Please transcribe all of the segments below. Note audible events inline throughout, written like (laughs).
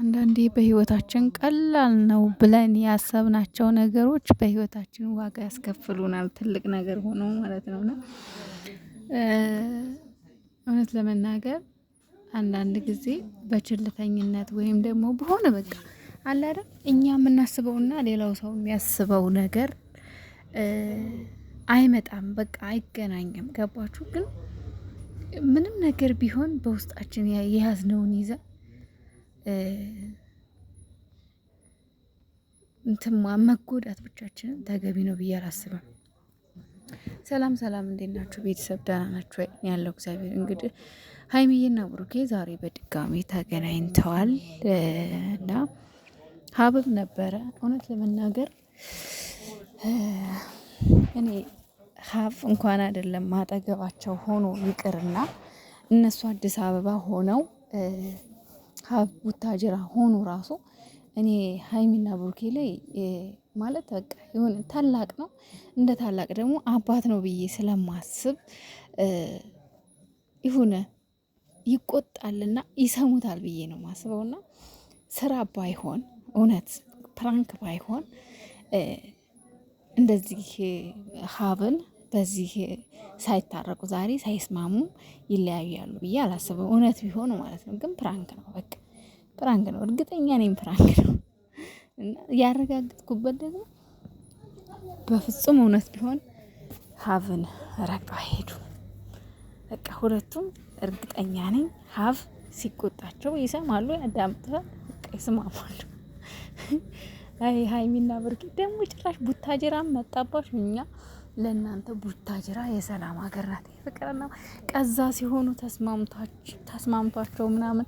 አንዳንዴ በህይወታችን ቀላል ነው ብለን ያሰብናቸው ነገሮች በህይወታችን ዋጋ ያስከፍሉናል ትልቅ ነገር ሆኖ ማለት ነው። እውነት ለመናገር አንዳንድ ጊዜ በችልተኝነት ወይም ደግሞ በሆነ በቃ አለ አይደል እኛ የምናስበውና ሌላው ሰው የሚያስበው ነገር አይመጣም በቃ አይገናኝም። ገባችሁ? ግን ምንም ነገር ቢሆን በውስጣችን የያዝነውን ይዘን እንትን መጎዳት ብቻችንን ተገቢ ነው ብዬ አላስብም። ሰላም ሰላም፣ እንዴት ናችሁ ቤተሰብ? ደህና ናችሁ ያለው እግዚአብሔር። እንግዲህ ሀይሚዬና ብሩኬ ዛሬ በድጋሚ ተገናኝተዋል እና ሀብብ ነበረ። እውነት ለመናገር እኔ ሀብ እንኳን አይደለም ማጠገባቸው ሆኖ ይቅርና እነሱ አዲስ አበባ ሆነው ሀብ ቡታጅራ ሆኑ ራሱ እኔ ሀይሚና ብሩኬ ላይ ማለት በቃ የሆነ ታላቅ ነው እንደ ታላቅ ደግሞ አባት ነው ብዬ ስለማስብ ይሁነ ይቆጣልና ይሰሙታል ብዬ ነው ማስበውና ስራ ባይሆን እውነት ፕራንክ ባይሆን እንደዚህ ሀብን በዚህ ሳይታረቁ ዛሬ ሳይስማሙ ይለያያሉ ብዬ አላስብም። እውነት ቢሆን ማለት ነው። ግን ፕራንክ ነው፣ በቃ ፕራንክ ነው። እርግጠኛ ነኝ ፕራንክ ነው። ያረጋግጥኩበት ደግሞ በፍጹም እውነት ቢሆን ሀብን ረግጠው አይሄዱም። በቃ ሁለቱም እርግጠኛ ነኝ ሀብ ሲቆጣቸው ይሰማሉ፣ ያዳምጡታል፣ በቃ ይስማማሉ። አይ ሀይሚና ብርጌ ደግሞ ጭራሽ ቡታጀራም መጣባሽ እኛ ለእናንተ ቡታጅራ የሰላም ሀገር ናት። ፍቅርና ቀዛ ሲሆኑ ተስማምቷቸው ምናምን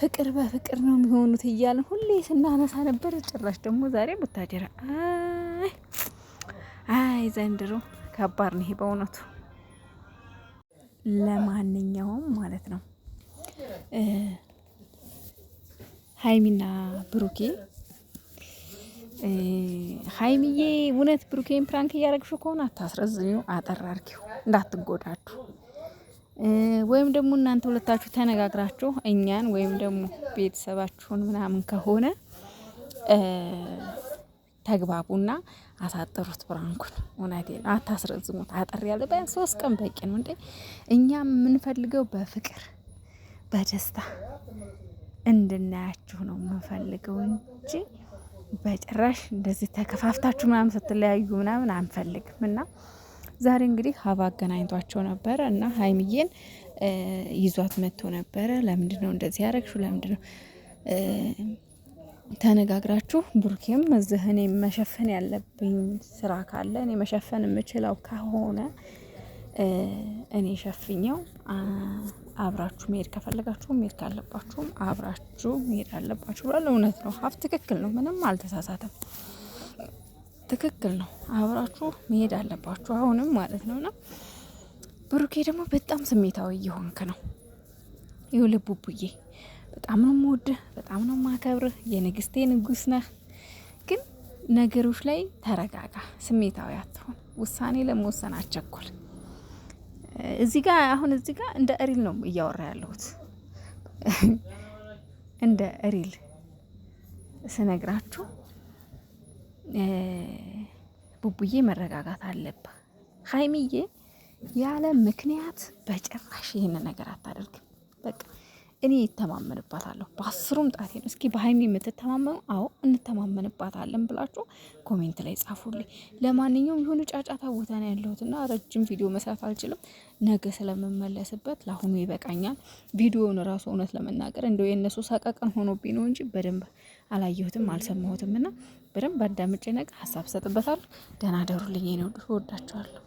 ፍቅር በፍቅር ነው የሚሆኑት እያለን ሁሌ ስናነሳ ነበር። ጭራሽ ደግሞ ዛሬ ቡታጅራ። አይ ዘንድሮ ከባድ ነው ይሄ በእውነቱ። ለማንኛውም ማለት ነው ሀይሚና ብሩኬ ሀይሚዬ እውነት ብሩኬን ፕራንክ እያረግሽው ከሆነ አታስረዝሚው፣ አጠራርኪው እንዳትጎዳችሁ። ወይም ደግሞ እናንተ ሁለታችሁ ተነጋግራችሁ እኛን ወይም ደግሞ ቤተሰባችሁን ምናምን ከሆነ ተግባቡና አሳጠሩት ብራንኩን። እውነቴ ነው፣ አታስረዝሙት። አጠር ያለ ቢያንስ ሶስት ቀን በቂ ነው እንዴ! እኛ የምንፈልገው በፍቅር በደስታ እንድናያችሁ ነው የምንፈልገው እንጂ በጭራሽ እንደዚህ ተከፋፍታችሁ ምናምን ስትለያዩ ምናምን አንፈልግም እና ዛሬ እንግዲህ ሀባ አገናኝቷቸው ነበረ እና ሀይሚዬን ይዟት መጥቶ ነበረ። ለምንድን ነው እንደዚህ ያደረግሽው? ለምንድን ነው ተነጋግራችሁ። ብሩኬም እዚህ እኔ መሸፈን ያለብኝ ስራ ካለ እኔ መሸፈን የምችለው ከሆነ እኔ ሸፍኘው አብራችሁ መሄድ ከፈለጋችሁ መሄድ ካለባችሁም አብራችሁ መሄድ አለባችሁ ብሏል። እውነት ነው፣ ሀብ ትክክል ነው። ምንም አልተሳሳተም። ትክክል ነው። አብራችሁ መሄድ አለባችሁ አሁንም ማለት ና ብሩኬ ደግሞ በጣም ስሜታዊ እየሆንክ ነው። ይኸውልህ ቡቡዬ በጣም ነው የምወድህ፣ በጣም ነው የማከብርህ፣ የንግስቴ ንጉስ ነህ። ግን ነገሮች ላይ ተረጋጋ፣ ስሜታዊ አትሆን፣ ውሳኔ ለመወሰን አቸኩል እዚህ ጋ አሁን እዚህ ጋ እንደ ሪል ነው እያወራ ያለሁት (laughs) እንደ ሪል ስነግራችሁ ቡቡዬ መረጋጋት አለብ ሀይሚዬ ያለ ምክንያት በጭራሽ ይህን ነገር አታደርግም። በቃ እኔ ይተማመንባታለሁ በአስሩም ጣቴ ነው። እስኪ በሀይሚ የምትተማመኑ? አዎ እንተማመንባታለን ብላችሁ ኮሜንት ላይ ጻፉልኝ። ለማንኛውም የሆነ ጫጫታ ቦታ ነው ያለሁትና ረጅም ቪዲዮ መስራት አልችልም። ነገ ስለምመለስበት ለአሁኑ ይበቃኛል። ቪዲዮውን ራሱ እውነት ለመናገር እንደው የእነሱ ሰቀቀን ሆኖብኝ ነው እንጂ በደንብ አላየሁትም አልሰማሁትም። እና በደንብ አዳምጬ ነገ ሀሳብ ሰጥበታል። ደህና ደሩልኝ ነው ወዳችኋለሁ።